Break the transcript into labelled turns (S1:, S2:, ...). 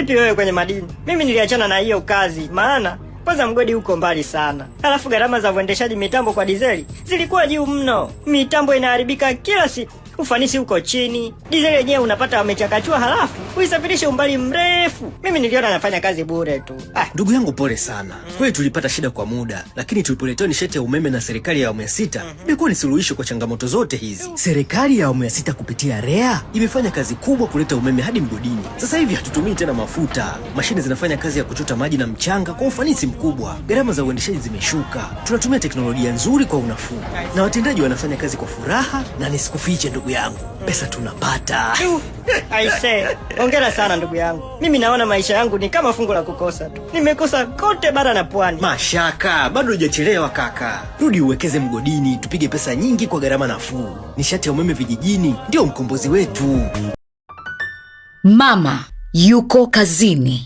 S1: Vipi wewe kwenye madini? Mimi niliachana na hiyo kazi, maana kwanza mgodi uko mbali sana, halafu gharama za uendeshaji mitambo kwa dizeli zilikuwa juu mno. Mitambo inaharibika kila siku, ufanisi uko chini, dizeli yenyewe unapata wamechakachua, halafu uisafirishe umbali mrefu. Mimi niliona nafanya kazi bure tu.
S2: Ah, ndugu yangu pole sana mm. Kweli tulipata shida kwa muda, lakini tulipoletewa nishati ya umeme na serikali ya awamu ya sita mhm. imekuwa mm -hmm. ni suluhisho kwa changamoto zote hizi.
S3: Serikali ya awamu ya sita kupitia REA imefanya kazi kubwa kuleta umeme hadi mgodini. Sasa hivi hatutumii tena mafuta, mashine zinafanya kazi ya kuchota maji na mchanga kwa ufanisi mkubwa, gharama za uendeshaji zimeshuka, tunatumia teknolojia nzuri kwa unafuu, na watendaji wanafanya kazi kwa furaha, na nisikufiche ndugu yangu, pesa tunapata.
S1: Aise, ongera sana ndugu yangu. Mimi naona maisha yangu ni kama fungu la kukosa tu, nimekosa kote bara na pwani.
S2: Mashaka, bado hujachelewa kaka, rudi uwekeze mgodini, tupige pesa nyingi kwa gharama nafuu. Nishati ya umeme vijijini ndio mkombozi wetu.
S4: Mama yuko kazini.